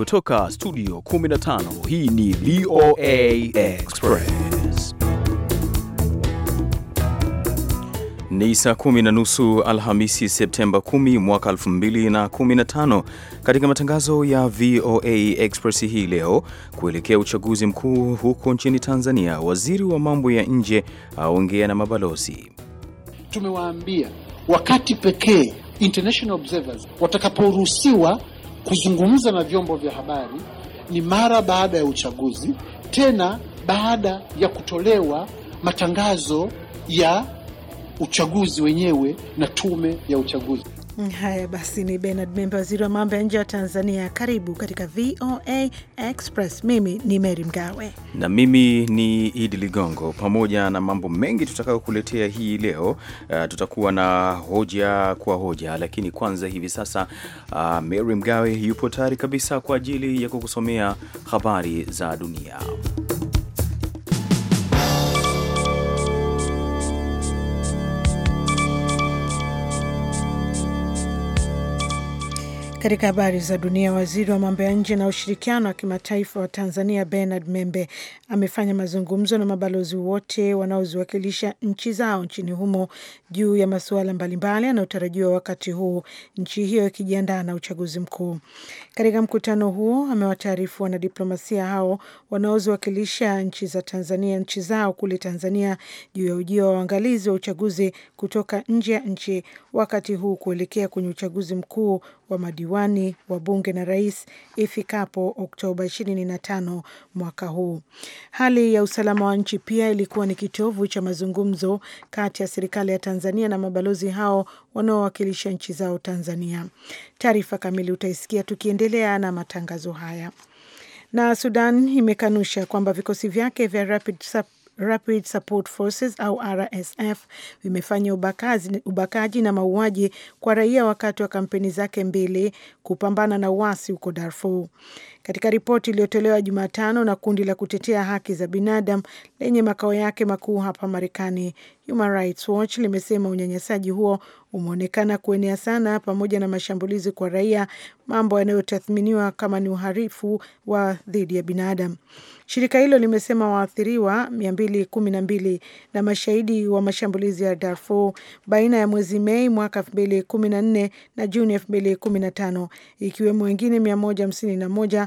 Kutoka studio 15 hii ni VOA Express. Ni saa kumi na nusu Alhamisi, Septemba 10 mwaka 2015. Katika matangazo ya VOA Express hii leo, kuelekea uchaguzi mkuu huko nchini Tanzania, waziri wa mambo ya nje aongea na mabalozi. Tumewaambia wakati pekee international observers watakaporuhusiwa kuzungumza na vyombo vya habari ni mara baada ya uchaguzi, tena baada ya kutolewa matangazo ya uchaguzi wenyewe na tume ya uchaguzi. Haya basi, ni Bernard Membe, waziri wa mambo ya nje wa Tanzania. Karibu katika VOA Express. Mimi ni Meri Mgawe na mimi ni Idi Ligongo. Pamoja na mambo mengi tutakayokuletea hii leo, uh, tutakuwa na hoja kwa hoja, lakini kwanza hivi sasa uh, Meri Mgawe yupo tayari kabisa kwa ajili ya kukusomea habari za dunia. Katika habari za dunia, waziri wa mambo ya nje na ushirikiano wa kimataifa wa Tanzania Bernard Membe amefanya mazungumzo na mabalozi wote wanaoziwakilisha nchi zao nchini humo juu ya masuala mbalimbali yanayotarajiwa wakati huu nchi hiyo ikijiandaa na uchaguzi mkuu. Katika mkutano huo, amewataarifu wanadiplomasia hao wanaoziwakilisha nchi za Tanzania nchi zao kule Tanzania juu ya ujio wa waangalizi wa uchaguzi kutoka nje ya nchi wakati huu kuelekea kwenye uchaguzi mkuu wa madiwani wa bunge na rais ifikapo Oktoba 25 mwaka huu. Hali ya usalama wa nchi pia ilikuwa ni kitovu cha mazungumzo kati ya serikali ya Tanzania na mabalozi hao wanaowakilisha nchi zao Tanzania. Taarifa kamili utaisikia tukiendelea na matangazo haya. Na Sudan imekanusha kwamba vikosi vyake vya Rapid Rapid Support Forces au RSF vimefanya ubakazi, ubakaji na mauaji kwa raia wakati wa kampeni zake mbili kupambana na uasi huko Darfur. Katika ripoti iliyotolewa Jumatano na kundi la kutetea haki za binadamu lenye makao yake makuu hapa Marekani, Human Rights Watch limesema unyanyasaji huo umeonekana kuenea sana, pamoja na mashambulizi kwa raia, mambo yanayotathminiwa kama ni uhalifu wa dhidi ya binadamu. Shirika hilo limesema waathiriwa 212 na mashahidi wa mashambulizi ya Darfur baina ya mwezi Mei mwaka 2014 na Juni 2015, ikiwemo wengine 151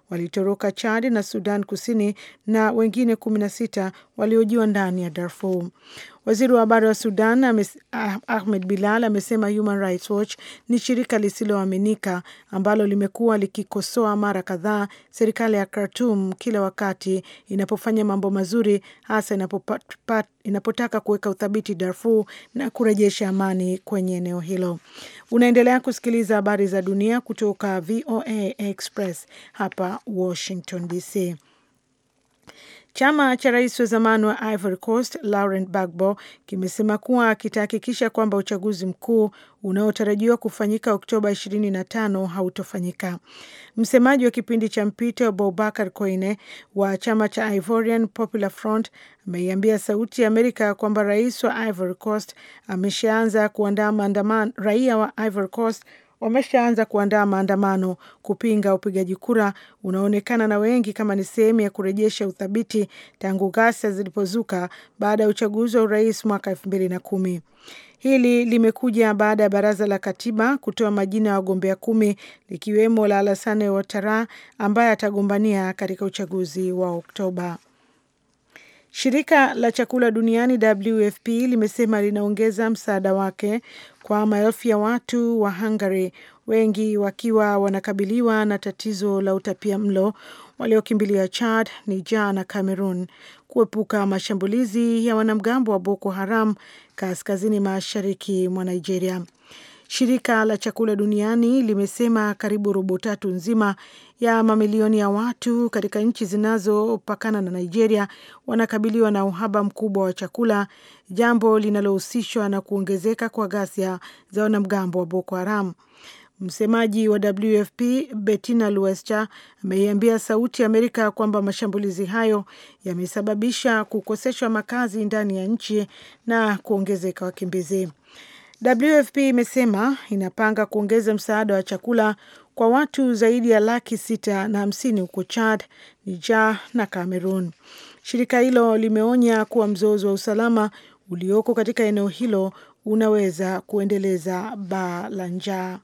walitoroka Chad na Sudan Kusini na wengine sita waliojiwa ndani ya Darfur. Waziri wa habari wa Sudan ah, Ahmed Bilal amesema Human Rights Watch ni shirika lisiloaminika ambalo limekuwa likikosoa mara kadhaa serikali ya khartum kila wakati inapofanya mambo mazuri, hasa inapotaka kuweka uthabiti Darfur na kurejesha amani kwenye eneo hilo. Unaendelea kusikiliza habari za dunia kutoka VOA Express hapa Washington DC. Chama cha rais wa zamani wa Ivory Coast Laurent Gbagbo kimesema kuwa kitahakikisha kwamba uchaguzi mkuu unaotarajiwa kufanyika Oktoba 25 hautofanyika. Msemaji wa kipindi cha mpito Boubacar Koine wa chama cha Ivorian Popular Front ameiambia Sauti ya Amerika kwamba rais wa Ivory Coast ameshaanza kuandaa raia wa Ivory Coast wameshaanza kuandaa maandamano kupinga upigaji kura unaonekana na wengi kama ni sehemu ya kurejesha uthabiti tangu ghasia zilipozuka baada ya uchaguzi wa urais mwaka elfu mbili na kumi. Hili limekuja baada ya baraza la katiba kutoa majina ya wagombea kumi likiwemo la Alassane Ouattara ambaye atagombania katika uchaguzi wa Oktoba. Shirika la chakula duniani WFP limesema linaongeza msaada wake kwa maelfu ya watu wa Hungary, wengi wakiwa wanakabiliwa na tatizo la utapia mlo, waliokimbilia Chad, Niger na Cameroon kuepuka mashambulizi ya wanamgambo wa Boko Haram kaskazini mashariki mwa Nigeria. Shirika la chakula duniani limesema karibu robo tatu nzima ya mamilioni ya watu katika nchi zinazopakana na Nigeria wanakabiliwa na uhaba mkubwa wa chakula, jambo linalohusishwa na kuongezeka kwa ghasia za wanamgambo wa Boko Haram. Msemaji wa WFP Bettina Luescher ameiambia Sauti ya Amerika kwamba mashambulizi hayo yamesababisha kukoseshwa makazi ndani ya nchi na kuongezeka wakimbizi. WFP imesema inapanga kuongeza msaada wa chakula kwa watu zaidi ya laki sita na hamsini huko Chad, Niger na Cameroon. Shirika hilo limeonya kuwa mzozo wa usalama ulioko katika eneo hilo unaweza kuendeleza baa la njaa.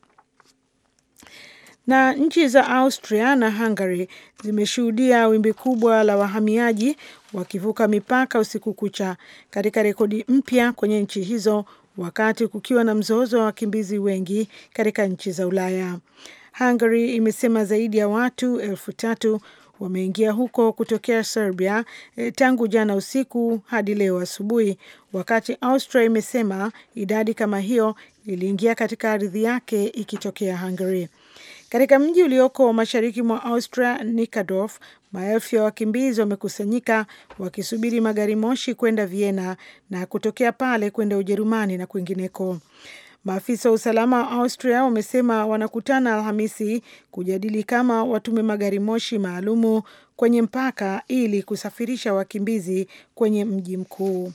Na nchi za Austria na Hungary zimeshuhudia wimbi kubwa la wahamiaji wakivuka mipaka usiku kucha katika rekodi mpya kwenye nchi hizo wakati kukiwa na mzozo wa wakimbizi wengi katika nchi za Ulaya. Hungary imesema zaidi ya watu elfu tatu wameingia huko kutokea Serbia e, tangu jana usiku hadi leo asubuhi, wakati Austria imesema idadi kama hiyo iliingia katika ardhi yake ikitokea Hungary. Katika mji ulioko mashariki mwa Austria, Nikadorf, maelfu ya wakimbizi wamekusanyika wakisubiri magari moshi kwenda Vienna na kutokea pale kwenda Ujerumani na kwingineko. Maafisa wa usalama wa Austria wamesema wanakutana Alhamisi kujadili kama watume magari moshi maalumu kwenye mpaka ili kusafirisha wakimbizi kwenye mji mkuu.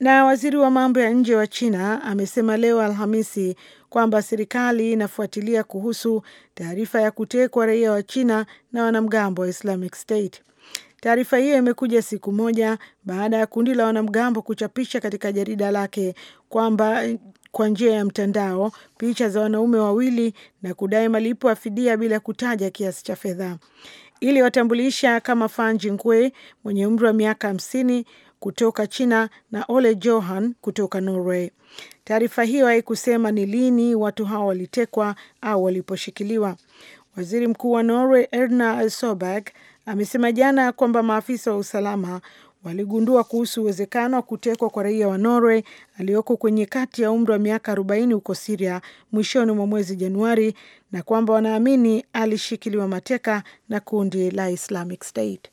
Na waziri wa mambo ya nje wa China amesema leo Alhamisi kwamba serikali inafuatilia kuhusu taarifa ya kutekwa raia wa China na wanamgambo wa Islamic State. Taarifa hiyo imekuja siku moja baada ya kundi la wanamgambo kuchapisha katika jarida lake kwamba kwa njia ya mtandao picha za wanaume wawili na kudai malipo ya fidia bila kutaja kiasi cha fedha. Ili watambulisha kama Fan Jingwe mwenye umri wa miaka hamsini kutoka China na Ole Johan kutoka Norway. Taarifa hiyo haikusema ni lini watu hao walitekwa au waliposhikiliwa. Waziri mkuu wa Norway Erna Solberg amesema jana kwamba maafisa wa usalama waligundua kuhusu uwezekano wa kutekwa kwa raia wa Norway aliyoko kwenye kati ya umri wa miaka 40 huko Siria mwishoni mwa mwezi Januari na kwamba wanaamini alishikiliwa mateka na kundi la Islamic State.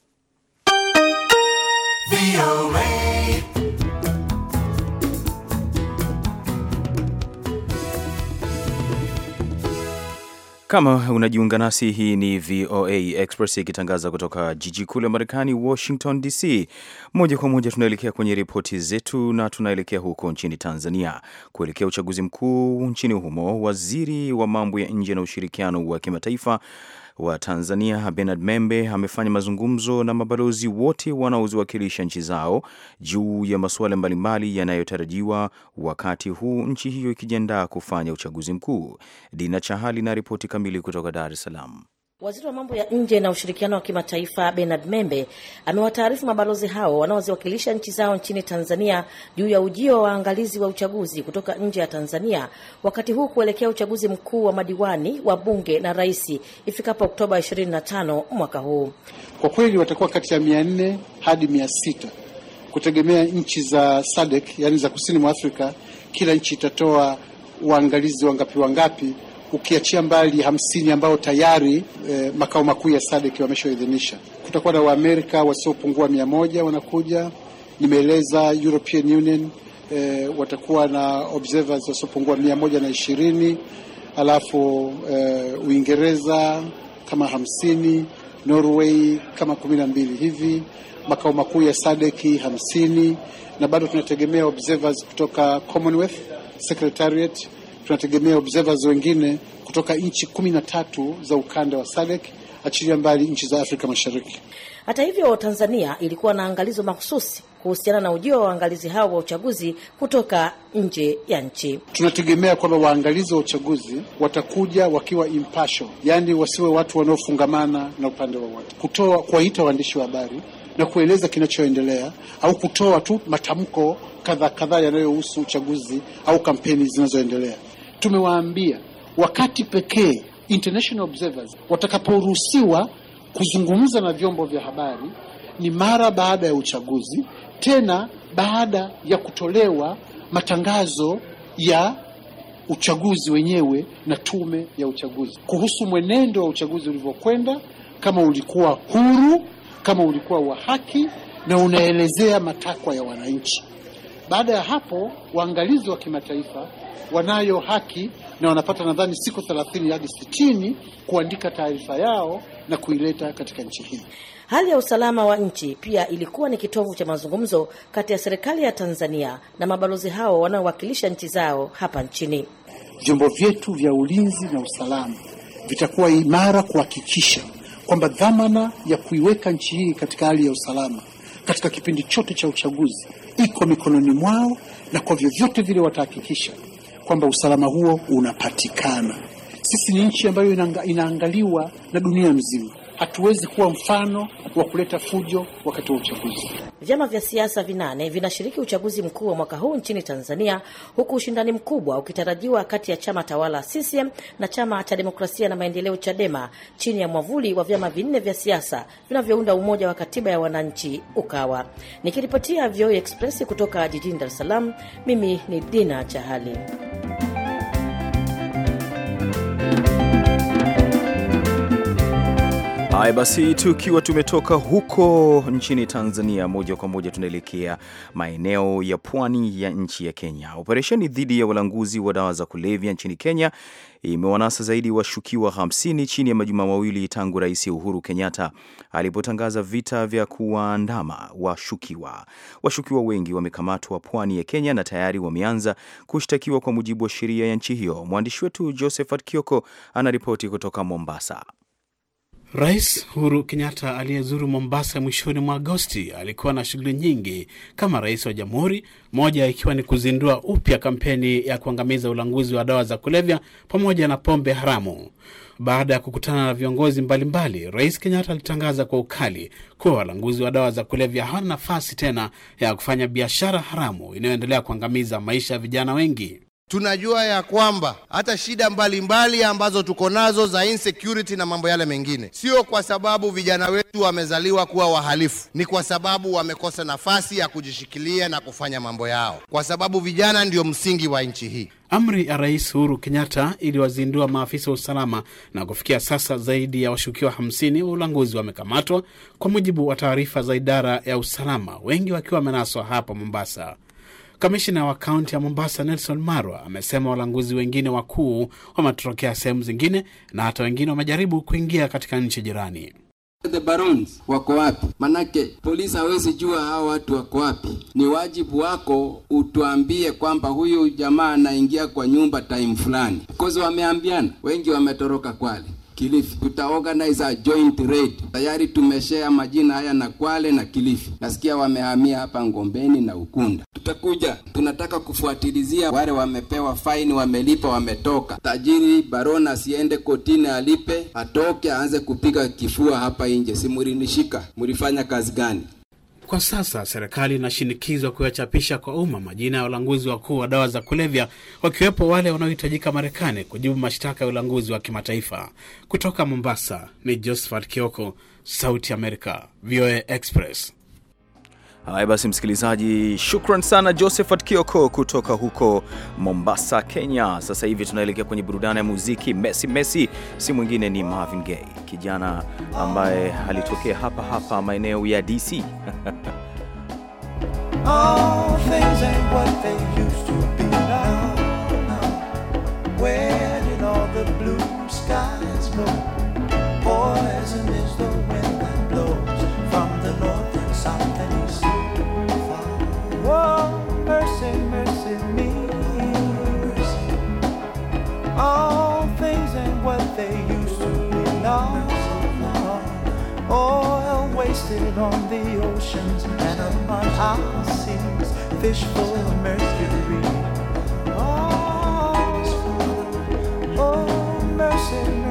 Kama unajiunga nasi, hii ni VOA Express ikitangaza kutoka jiji kuu la Marekani, Washington DC. Moja kwa moja tunaelekea kwenye ripoti zetu, na tunaelekea huko nchini Tanzania kuelekea uchaguzi mkuu nchini humo. Waziri wa mambo ya nje na ushirikiano wa kimataifa wa Tanzania Bernard Membe amefanya mazungumzo na mabalozi wote wanaoziwakilisha nchi zao juu ya masuala mbalimbali yanayotarajiwa wakati huu nchi hiyo ikijiandaa kufanya uchaguzi mkuu. Dina Chahali na ripoti kamili kutoka Dar es Salaam. Waziri wa mambo ya nje na ushirikiano wa kimataifa Bernard Membe amewataarifu mabalozi hao wanaoziwakilisha nchi zao nchini Tanzania juu ya ujio wa waangalizi wa uchaguzi kutoka nje ya Tanzania wakati huu kuelekea uchaguzi mkuu wa madiwani wa bunge na rais ifikapo Oktoba 25 mwaka huu. Kwa kweli watakuwa kati ya 400 hadi 600 kutegemea nchi za SADC, yani za kusini mwa Afrika. Kila nchi itatoa waangalizi wangapi wangapi ukiachia mbali hamsini ambao tayari e, makao makuu ya SADC wameshaidhinisha. Kutakuwa na Waamerika wasiopungua mia moja wanakuja, nimeeleza European Union e, watakuwa na observers wasiopungua mia moja na ishirini alafu e, Uingereza kama hamsini, Norway kama kumi na mbili hivi, makao makuu ya SADC hamsini, na bado tunategemea observers kutoka Commonwealth Secretariat tunategemea observers wengine kutoka nchi kumi na tatu za ukanda wa SADC achilia mbali nchi za Afrika Mashariki. Hata hivyo, Tanzania ilikuwa na angalizo mahususi kuhusiana na ujio wa waangalizi hao wa uchaguzi kutoka nje ya nchi. Tunategemea kwamba waangalizi wa uchaguzi watakuja wakiwa impasho, yaani wasiwe watu wanaofungamana na upande wowote, kutoa kuwaita waandishi wa habari na kueleza kinachoendelea au kutoa tu matamko kadha kadhaa yanayohusu uchaguzi au kampeni zinazoendelea. Tumewaambia wakati pekee international observers watakaporuhusiwa kuzungumza na vyombo vya habari ni mara baada ya uchaguzi, tena baada ya kutolewa matangazo ya uchaguzi wenyewe na tume ya uchaguzi kuhusu mwenendo wa uchaguzi ulivyokwenda, kama ulikuwa huru, kama ulikuwa wa haki na unaelezea matakwa ya wananchi. Baada ya hapo, waangalizi wa kimataifa wanayo haki na wanapata nadhani siku 30 hadi 60 kuandika taarifa yao na kuileta katika nchi hii. Hali ya usalama wa nchi pia ilikuwa ni kitovu cha mazungumzo kati ya serikali ya Tanzania na mabalozi hao wanaowakilisha nchi zao hapa nchini. Vyombo vyetu vya ulinzi na usalama vitakuwa imara kuhakikisha kwamba dhamana ya kuiweka nchi hii katika hali ya usalama katika kipindi chote cha uchaguzi iko mikononi mwao, na kwa vyovyote vile watahakikisha kwamba usalama huo unapatikana. Sisi ni nchi ambayo inaangaliwa na dunia mzima hatuwezi kuwa mfano wa kuleta fujo wakati wa uchaguzi. Vyama vya siasa vinane vinashiriki uchaguzi mkuu wa mwaka huu nchini Tanzania, huku ushindani mkubwa ukitarajiwa kati ya chama tawala CCM na chama cha demokrasia na maendeleo CHADEMA chini ya mwavuli wa vyama vinne vya siasa vinavyounda Umoja wa Katiba ya Wananchi UKAWA. Nikiripotia VOA e Express kutoka jijini Dar es Salaam, mimi ni Dina Chahali. Haya basi, tukiwa tumetoka huko nchini Tanzania, moja kwa moja tunaelekea maeneo ya pwani ya nchi ya Kenya. Operesheni dhidi ya walanguzi wa dawa za kulevya nchini Kenya imewanasa zaidi washukiwa 50 chini ya majuma mawili tangu Rais Uhuru Kenyatta alipotangaza vita vya kuwaandama washukiwa. Washukiwa wengi wamekamatwa pwani ya Kenya na tayari wameanza kushtakiwa kwa mujibu wa sheria ya nchi hiyo. Mwandishi wetu Josephat Kioko anaripoti kutoka Mombasa. Rais Uhuru Kenyatta aliyezuru Mombasa mwishoni mwa Agosti alikuwa na shughuli nyingi kama rais wa jamhuri, moja ikiwa ni kuzindua upya kampeni ya kuangamiza ulanguzi wa dawa za kulevya pamoja na pombe haramu. Baada ya kukutana na viongozi mbalimbali, Rais Kenyatta alitangaza kwa ukali kuwa walanguzi wa dawa za kulevya hawana nafasi tena ya kufanya biashara haramu inayoendelea kuangamiza maisha ya vijana wengi. Tunajua ya kwamba hata shida mbalimbali mbali ambazo tuko nazo za insecurity na mambo yale mengine, sio kwa sababu vijana wetu wamezaliwa kuwa wahalifu, ni kwa sababu wamekosa nafasi ya kujishikilia na kufanya mambo yao, kwa sababu vijana ndio msingi wa nchi hii. Amri ya Rais Uhuru Kenyatta iliwazindua maafisa wa usalama na kufikia sasa zaidi ya washukiwa 50 wa ulanguzi wamekamatwa, kwa mujibu wa taarifa za idara ya usalama, wengi wakiwa wamenaswa hapa Mombasa. Kamishina wa kaunti ya Mombasa Nelson Marwa amesema walanguzi wengine wakuu wametorokea sehemu zingine na hata wengine wamejaribu kuingia katika nchi jirani. The barons wako wapi? Manake polisi hawezi jua hao watu wako wapi. Ni wajibu wako utuambie kwamba huyu jamaa anaingia kwa nyumba time fulani, because wameambiana, wengi wametoroka Kwale. Kilifi. Tutaorganize a joint raid. Tayari tumeshea majina haya na Kwale na Kilifi, nasikia wamehamia hapa Ngombeni na Ukunda. Tutakuja, tunataka kufuatilizia wale wamepewa faini, wamelipa, wametoka. Tajiri barona asiende kotini, alipe, atoke, aanze kupiga kifua hapa nje. Simurinishika, mulifanya kazi gani? Kwa sasa serikali inashinikizwa kuyachapisha kwa umma majina ya walanguzi wakuu wa dawa za kulevya, wakiwepo wale wanaohitajika Marekani kujibu mashtaka ya ulanguzi wa kimataifa. Kutoka Mombasa ni Josephat Kioko, Sauti America, VOA Express. Haya basi, msikilizaji, shukran sana Josephat Kioko kutoka huko Mombasa, Kenya. Sasa hivi tunaelekea kwenye burudani ya muziki. Messi Messi si mwingine ni Marvin Gaye, kijana ambaye alitokea hapa hapa maeneo ya DC. Poison is the Oh, mercy, mercy me. All things and what they used to be lost. Oil oh, wasted on the oceans and upon our seas, fish full of mercury. oh mercy.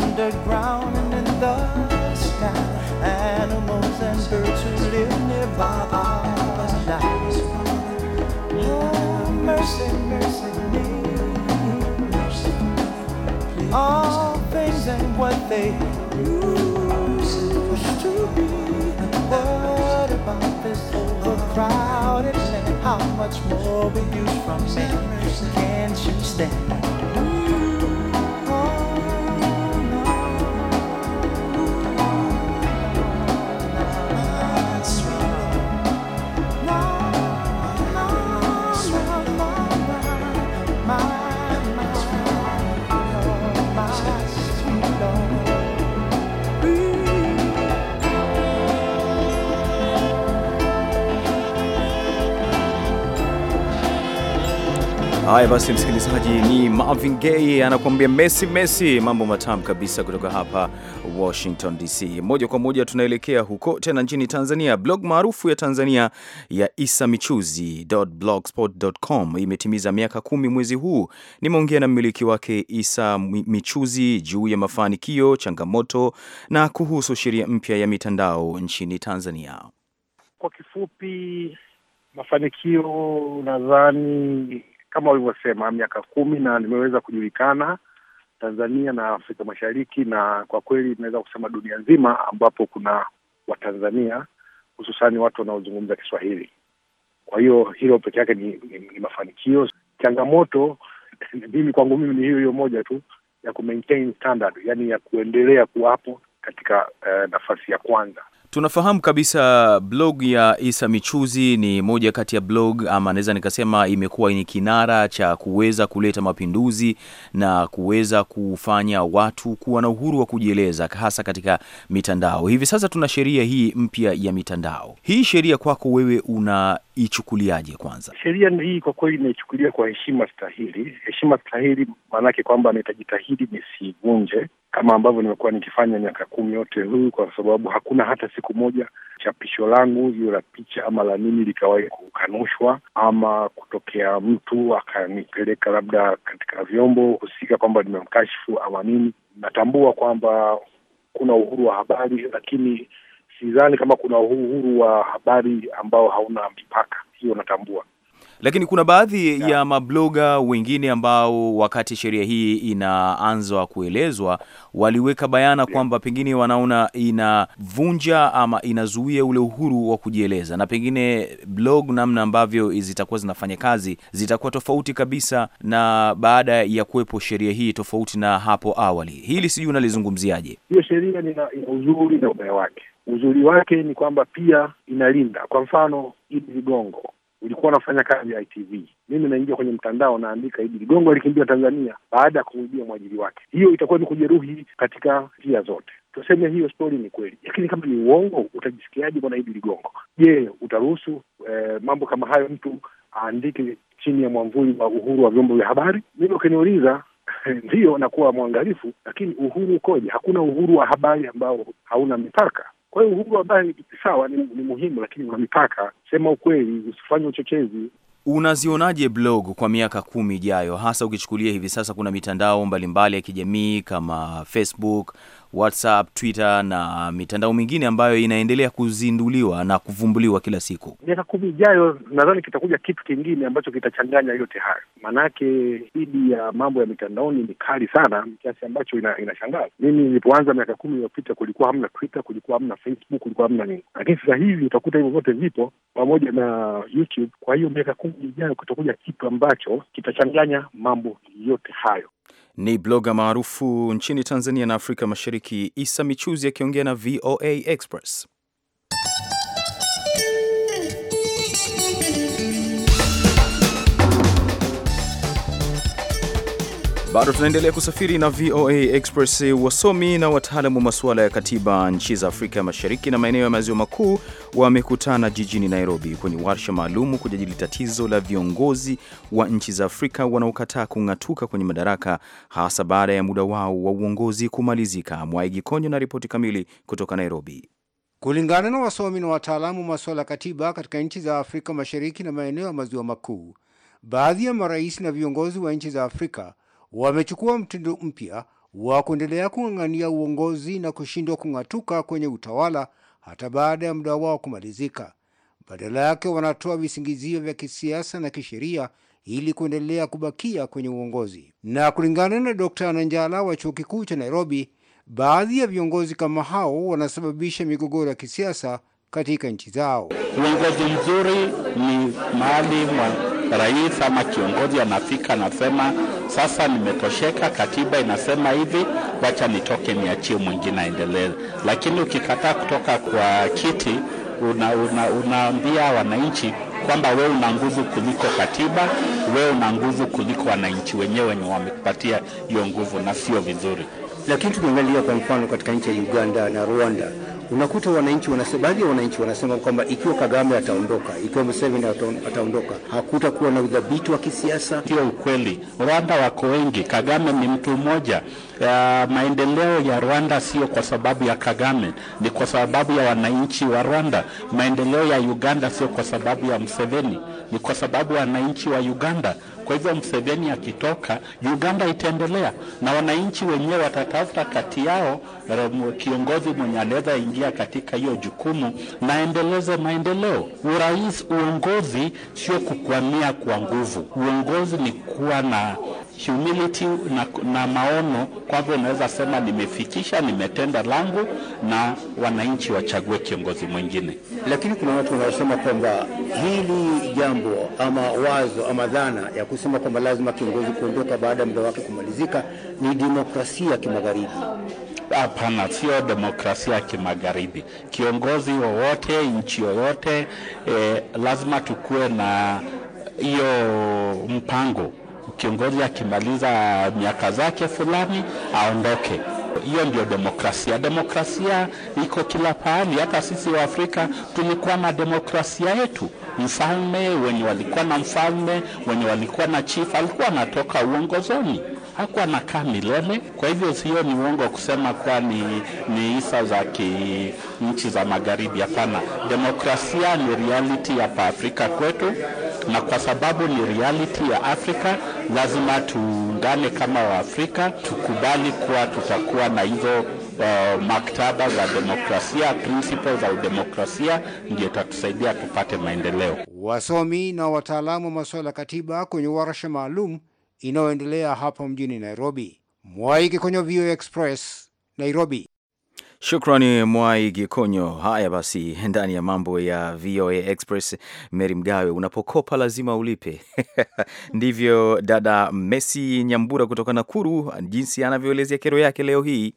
underground and in the sky. Animals and birds who live nearby are night. Oh, mercy, mercy me. All things and what they used to be. What about this overcrowded land? How much more we use from men? Can't you stand? Haya basi, msikilizaji, ni Marvin Gaye anakuambia Messi Messi, mambo matamu kabisa kutoka hapa Washington DC. Moja kwa moja tunaelekea huko tena nchini Tanzania. Blog maarufu ya Tanzania ya Isa Michuzi.blogspot.com imetimiza miaka kumi mwezi huu. Nimeongea na mmiliki wake Isa Michuzi juu ya mafanikio, changamoto na kuhusu sheria mpya ya mitandao nchini Tanzania. Kwa kifupi, mafanikio nadhani kama walivyosema miaka kumi na limeweza kujulikana Tanzania na Afrika Mashariki, na kwa kweli inaweza kusema dunia nzima, ambapo kuna Watanzania hususani watu wanaozungumza Kiswahili. Kwa hiyo hilo peke yake ni, ni, ni mafanikio. Changamoto mimi kwangu mimi ni hiyo hiyo moja tu ya ku maintain standard, yani ya kuendelea kuwapo katika uh, nafasi ya kwanza. Tunafahamu kabisa blog ya Isa Michuzi ni moja kati ya blog ama naweza nikasema imekuwa ni kinara cha kuweza kuleta mapinduzi na kuweza kufanya watu kuwa na uhuru wa kujieleza hasa katika mitandao. Hivi sasa tuna sheria hii mpya ya mitandao. Hii sheria kwako wewe unaichukuliaje? Kwanza, sheria hii kwa kweli naichukulia kwa heshima stahili. Heshima stahili maanake kwamba nitajitahidi nisivunje kama ambavyo nimekuwa nikifanya miaka kumi yote huu, kwa sababu hakuna hata siku moja chapisho langu hiyo la picha ama la nini likawahi kukanushwa ama kutokea mtu akanipeleka labda katika vyombo husika kwamba nimemkashifu ama nini. Natambua kwamba kuna uhuru wa habari, lakini sidhani kama kuna uhuru wa habari ambao hauna mipaka. Hiyo natambua. Lakini kuna baadhi yeah, ya mabloga wengine ambao wakati sheria hii inaanza kuelezwa waliweka bayana yeah, kwamba pengine wanaona inavunja ama inazuia ule uhuru wa kujieleza, na pengine blog, namna ambavyo zitakuwa zinafanya kazi zitakuwa tofauti kabisa na baada ya kuwepo sheria hii, tofauti na hapo awali. Hili sijui unalizungumziaje? Hiyo sheria ina uzuri na ubaya wake. Uzuri wake ni kwamba pia inalinda, kwa mfano Idi vigongo ulikuwa unafanya kazi ITV, mimi naingia kwenye mtandao naandika Idi Ligongo alikimbia Tanzania baada ya kumwibia mwajiri wake. Hiyo itakuwa ni kujeruhi katika njia zote. Tuseme hiyo stori ni kweli, lakini kama ni uongo, utajisikiaje bwana Idi Ligongo? Je, utaruhusu eh, mambo kama hayo mtu aandike chini ya mwamvuli wa uhuru wa vyombo vya habari? Mimi ukiniuliza ndiyo, nakuwa mwangalifu, lakini uhuru ukoje? Hakuna uhuru wa habari ambao hauna mipaka. Kwa hiyo uhuru wa habari sawa, ni, ni muhimu, lakini una mipaka. Sema ukweli, usifanye uchochezi. Unazionaje blog kwa miaka kumi ijayo, hasa ukichukulia hivi sasa kuna mitandao mbalimbali mbali ya kijamii kama Facebook, WhatsApp, Twitter na mitandao mingine ambayo inaendelea kuzinduliwa na kuvumbuliwa kila siku. Miaka kumi ijayo nadhani kitakuja kitu kingine ambacho kitachanganya yote hayo, maanake dhidi ya mambo ya mitandaoni ni kali sana kiasi ambacho ina, inashangaza. Mimi nilipoanza miaka kumi iliyopita kulikuwa hamna Twitter, kulikuwa hamna Facebook, kulikuwa hamna nini, lakini sasa hivi utakuta hivyo vyote vipo pamoja na YouTube. Kwa hiyo miaka kumi ijayo kutakuja kitu ambacho kitachanganya mambo yote hayo. Ni bloga maarufu nchini Tanzania na Afrika Mashariki, Isa Michuzi akiongea na VOA Express. Bado tunaendelea kusafiri na VOA Express. Wasomi na wataalamu wa masuala ya katiba nchi za Afrika Mashariki na maeneo ya maziwa makuu wamekutana jijini Nairobi kwenye warsha maalum kujadili tatizo la viongozi wa nchi za Afrika wanaokataa kung'atuka kwenye madaraka, hasa baada ya muda wao wa uongozi kumalizika. Mwaigi Konyo na ripoti kamili kutoka Nairobi. Kulingana na wasomi na wataalamu wa masuala ya katiba katika nchi za Afrika Mashariki na maeneo ya maziwa makuu, baadhi ya marais na viongozi wa nchi za Afrika wamechukua mtindo mpya wa kuendelea kung'ang'ania uongozi na kushindwa kung'atuka kwenye utawala hata baada ya muda wao kumalizika. Badala yake wanatoa visingizio vya kisiasa na kisheria ili kuendelea kubakia kwenye uongozi. Na kulingana na Dr. ananjala wa chuo kikuu cha Nairobi, baadhi ya viongozi kama hao wanasababisha migogoro ya kisiasa katika nchi zao. Uongozi mzuri ni mahali rais ama kiongozi anafika anasema sasa nimetosheka, katiba inasema hivi, wacha nitoke, niachie mwingine aendelee. Lakini ukikataa kutoka kwa kiti, unaambia una, una wananchi kwamba wewe una nguvu kuliko katiba, wewe una nguvu kuliko wananchi wenyewe wenye wamekupatia hiyo nguvu, na sio vizuri. Lakini tukiangalia kwa mfano katika nchi ya Uganda na Rwanda, unakuta wananchi wanasema, baadhi ya wananchi wanasema kwamba ikiwa Kagame ataondoka, ikiwa Museveni ataondoka, hakutakuwa na udhabiti wa kisiasa. Sio ukweli, Rwanda wako wengi, Kagame ni mtu mmoja. Uh, maendeleo ya Rwanda sio kwa sababu ya Kagame, ni kwa sababu ya wananchi wa Rwanda. Maendeleo ya Uganda sio kwa sababu ya Museveni, ni kwa sababu wananchi wa Uganda kwa hivyo Mseveni akitoka, Uganda itaendelea na wananchi wenyewe watatafuta kati yao um, kiongozi mwenye anaweza ingia katika hiyo jukumu na maendeleo. Urais, uongozi sio kukwamia kwa nguvu. Uongozi ni kuwa na humility na, na maono. Kwa hivyo unaweza sema nimefikisha, nimetenda langu, na wananchi wachague kiongozi mwingine. Lakini kuna watu wanaosema kwamba hili jambo ama wazo ama dhana ya kusema kwamba lazima kiongozi kuondoka baada ya muda wake kumalizika ni demokrasia kimagharibi. Hapana, sio demokrasia ya kimagharibi. Kiongozi wowote, nchi yoyote, eh, lazima tukuwe na hiyo mpango kiongozi akimaliza miaka zake fulani aondoke. Hiyo ndio demokrasia. Demokrasia iko kila pahali. Hata sisi wa Afrika tulikuwa na demokrasia yetu. Mfalme wenye walikuwa na mfalme wenye walikuwa na chief alikuwa anatoka uongozoni hakuwa anakaa milele. Kwa hivyo sio ni uongo kusema kuwa ni, ni isa za nchi za magharibi. Hapana, demokrasia ni reality pa Afrika kwetu, na kwa sababu ni reality ya Afrika, lazima tuungane kama Waafrika, tukubali kuwa tutakuwa na hizo Uh, maktaba za demokrasia, principles za demokrasia ndio itatusaidia tupate maendeleo. Wasomi na wataalamu wa masuala ya katiba kwenye warsha maalum inayoendelea hapo mjini Nairobi. Mwai Gikonyo, VOA Express, Nairobi. Shukrani Mwai Gikonyo. Haya basi, ndani ya mambo ya VOA Express, Meri Mgawe, unapokopa lazima ulipe. Ndivyo dada Messi Nyambura kutoka Nakuru, jinsi anavyoelezea kero yake leo hii.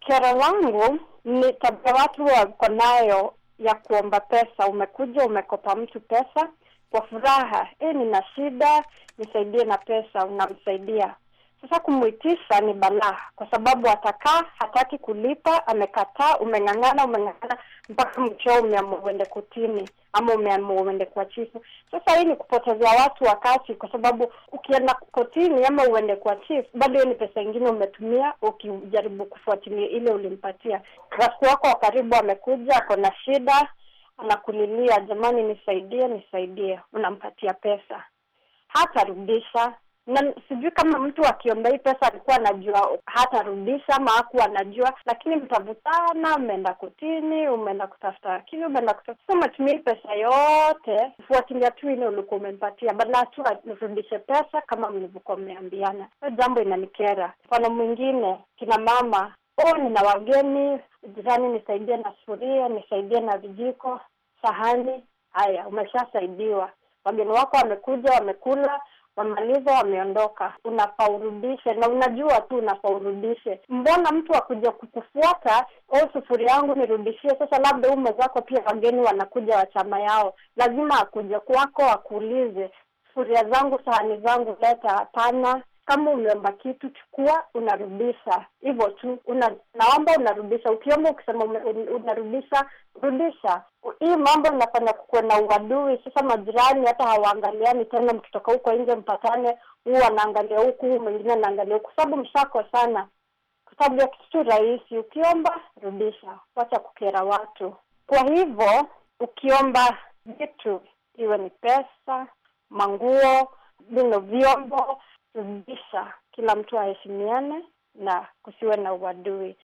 Kero wangu ni tabia watu wako nayo ya kuomba pesa. Umekuja umekopa mtu pesa kwa furaha, e, nina shida nisaidie na pesa, unamsaidia. Sasa kumwitisha ni balaa, kwa sababu atakaa, hataki kulipa, amekataa, umeng'ang'ana, umeng'ang'ana mpaka mchoo umeamua uende kotini ama umeamua uende kwa chifu. Sasa hii ni kupotezea watu wakati, kwa sababu ukienda kotini ama uende kwa chifu, bado hiyo ni pesa ingine umetumia ukijaribu kufuatilia ile ulimpatia. Rafiki wako wa karibu amekuja, ako na shida anakulilia, jamani, nisaidie, nisaidie, unampatia pesa, hatarudisha na sijui kama mtu akiomba hii pesa alikuwa anajua hatarudisha ama aku anajua, lakini mtavutana, umeenda kotini, umeenda kutafuta lakini umeenda kutafuta matumia pesa yote fuatilia tu ile ulikuwa umempatia, badala tu arudishe pesa kama mlivyokuwa mmeambiana. Hiyo jambo inanikera. Mfano mwingine, kina mama oh, nina wageni jirani, nisaidie na sufuria, nisaidie na vijiko, sahani. Haya, umeshasaidiwa. Wageni wako wamekuja, wamekula wamaliza wameondoka, unafaurudishe na unajua tu unafaurudishe Mbona mtu akuja kukufuata, o, oh, sufuri yangu nirudishie? Sasa labda huu mwezako pia wageni wanakuja wa chama yao, lazima akuja kwako akuulize, sufuria zangu, sahani zangu leta. Hapana, kama umeomba kitu chukua, unarudisha hivyo tu. Una, naomba unarudisha, ukiomba ukisema unarudisha, rudisha. Hii mambo inafanya kukuwe na uadui sasa. Majirani hata hawaangaliani tena, mkitoka huko nje mpatane, huu anaangalia huku, huu mwingine anaangalia huku, sababu sana kwa sababu ya kitu rahisi. Ukiomba rudisha, wacha kukera watu. Kwa hivyo ukiomba vitu, iwe ni pesa, manguo, vino, vyombo kusababisha kila mtu aheshimiane na kusiwe na uadui.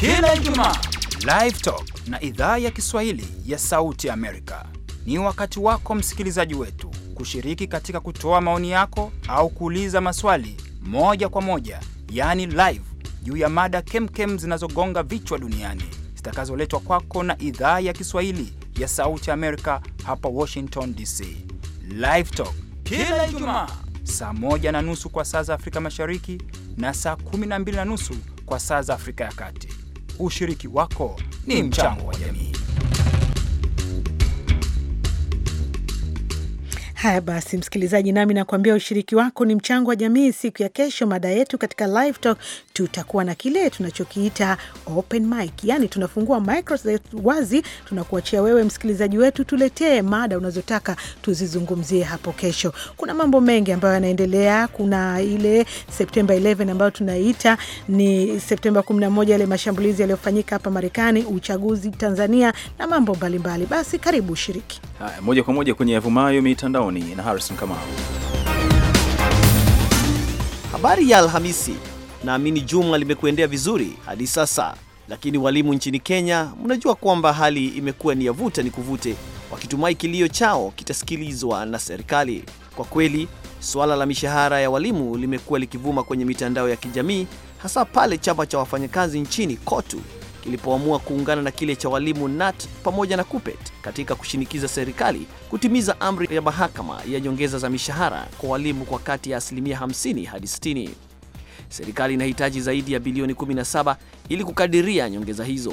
Kila Ijumaa livetok na idhaa ya Kiswahili ya Sauti Amerika. Ni wakati wako msikilizaji wetu kushiriki katika kutoa maoni yako au kuuliza maswali moja kwa moja, yaani live, juu ya mada kemkem zinazogonga vichwa duniani zitakazoletwa kwako na idhaa ya Kiswahili ya Sauti Amerika hapa Washington DC. Live Talk kila Ijumaa saa moja na nusu kwa saa za Afrika Mashariki na saa kumi na mbili na nusu kwa saa za Afrika ya Kati. Ushiriki wako ni mchango wa jamii. Haya basi, msikilizaji, nami nakuambia ushiriki wako ni mchango wa jamii. Siku ya kesho, mada yetu katika live talk tutakuwa na kile tunachokiita open mic, yani tunafungua micro wazi, tunakuachia wewe msikilizaji wetu, tuletee mada unazotaka tuzizungumzie hapo kesho. Kuna mambo mengi ambayo yanaendelea. Kuna ile Septemba 11 ambayo tunaita ni Septemba 11, yale mashambulizi yaliyofanyika hapa Marekani, uchaguzi Tanzania na mambo mbalimbali. Basi karibu ushiriki moja kwa moja kwenye yavumayo mitandaoni jioni na Harrison Kamau. Habari ya Alhamisi. Naamini juma limekuendea vizuri hadi sasa, lakini walimu nchini Kenya, mnajua kwamba hali imekuwa ni yavuta ni kuvute, wakitumai kilio chao kitasikilizwa na serikali. Kwa kweli suala la mishahara ya walimu limekuwa likivuma kwenye mitandao ya kijamii, hasa pale chama cha wafanyakazi nchini KOTU kilipoamua kuungana na kile cha walimu NAT pamoja na KUPET katika kushinikiza serikali kutimiza amri ya mahakama ya nyongeza za mishahara kwa walimu kwa kati ya asilimia 50 hadi 60. Serikali inahitaji zaidi ya bilioni 17 ili kukadiria nyongeza hizo.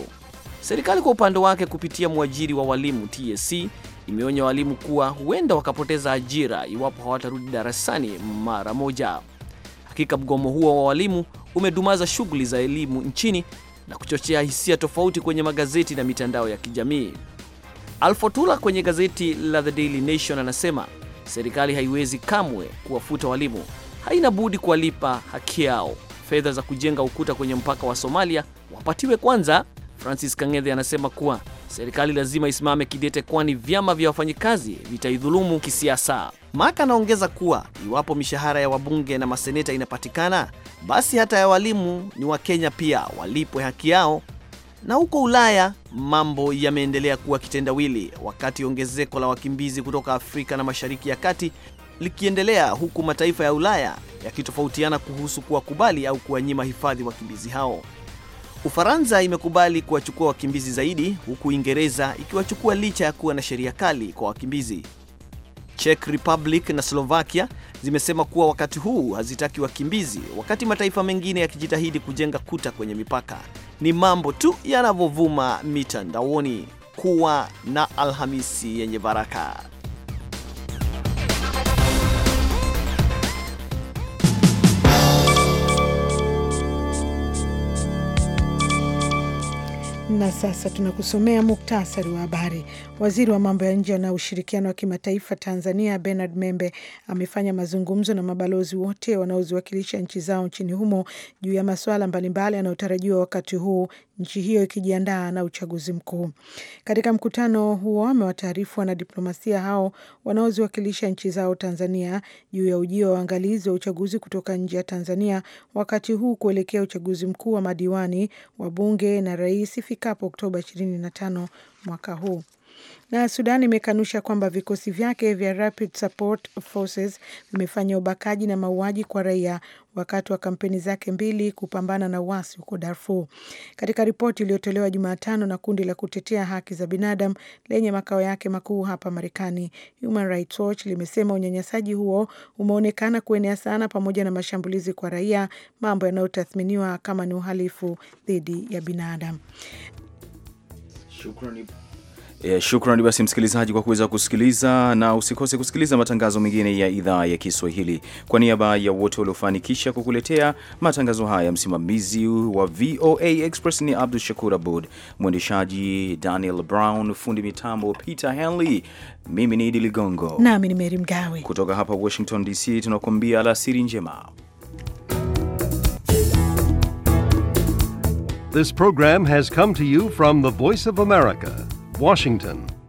Serikali kwa upande wake kupitia mwajiri wa walimu TSC imeonya walimu kuwa huenda wakapoteza ajira iwapo hawatarudi darasani mara moja. Hakika mgomo huo wa walimu umedumaza shughuli za elimu nchini na kuchochea hisia tofauti kwenye magazeti na mitandao ya kijamii. Alfotula kwenye gazeti la The Daily Nation anasema serikali haiwezi kamwe kuwafuta walimu, haina budi kuwalipa haki yao. Fedha za kujenga ukuta kwenye mpaka wa Somalia wapatiwe kwanza. Francis Kang'ethe anasema kuwa serikali lazima isimame kidete, kwani vyama vya wafanyikazi vitaidhulumu kisiasa. Maka anaongeza kuwa iwapo mishahara ya wabunge na maseneta inapatikana, basi hata ya walimu ni Wakenya pia walipwe haki yao. Na huko Ulaya mambo yameendelea kuwa kitendawili, wakati ongezeko la wakimbizi kutoka Afrika na Mashariki ya Kati likiendelea huku mataifa ya Ulaya yakitofautiana kuhusu kuwakubali au kuwanyima hifadhi wakimbizi hao. Ufaransa imekubali kuwachukua wakimbizi zaidi huku Uingereza ikiwachukua licha ya kuwa na sheria kali kwa wakimbizi. Czech Republic na Slovakia zimesema kuwa wakati huu hazitaki wakimbizi, wakati mataifa mengine yakijitahidi kujenga kuta kwenye mipaka. Ni mambo tu yanavyovuma mitandaoni. Kuwa na Alhamisi yenye baraka. Na sasa tunakusomea muktasari wa habari. Waziri wa mambo ya nje na ushirikiano wa kimataifa Tanzania, Bernard Membe, amefanya mazungumzo na mabalozi wote wanaoziwakilisha nchi zao nchini humo juu ya masuala mbalimbali yanayotarajiwa wakati huu nchi hiyo ikijiandaa na uchaguzi mkuu. Katika mkutano huo amewataarifu wanadiplomasia hao wanaoziwakilisha nchi zao Tanzania juu ya ujio wa waangalizi wa uchaguzi kutoka nje ya Tanzania wakati huu kuelekea uchaguzi mkuu wa madiwani, wa bunge na rais ifikapo Oktoba 25 mwaka huu. Na Sudan imekanusha kwamba vikosi vyake vya Rapid Support Forces vimefanya ubakaji na mauaji kwa raia wakati wa kampeni zake mbili kupambana na uasi huko Darfur. Katika ripoti iliyotolewa Jumatano na kundi la kutetea haki za binadamu lenye makao yake makuu hapa Marekani, Human Rights Watch limesema unyanyasaji huo umeonekana kuenea sana, pamoja na mashambulizi kwa raia, mambo yanayotathminiwa kama ni uhalifu dhidi ya binadamu. Shukrani. Yeah, shukrani basi msikilizaji kwa kuweza kusikiliza na usikose kusikiliza matangazo mengine ya idhaa ya Kiswahili. Kwa niaba ya wote waliofanikisha kukuletea matangazo haya, msimamizi wa VOA Express ni Abdu Shakur Abud, mwendeshaji Daniel Brown, fundi mitambo Peter Henley, mimi ni Idi Ligongo nami ni Meri Mgawe kutoka hapa Washington DC, tunakuambia alasiri njema. This program has come to you from the Voice of America Washington.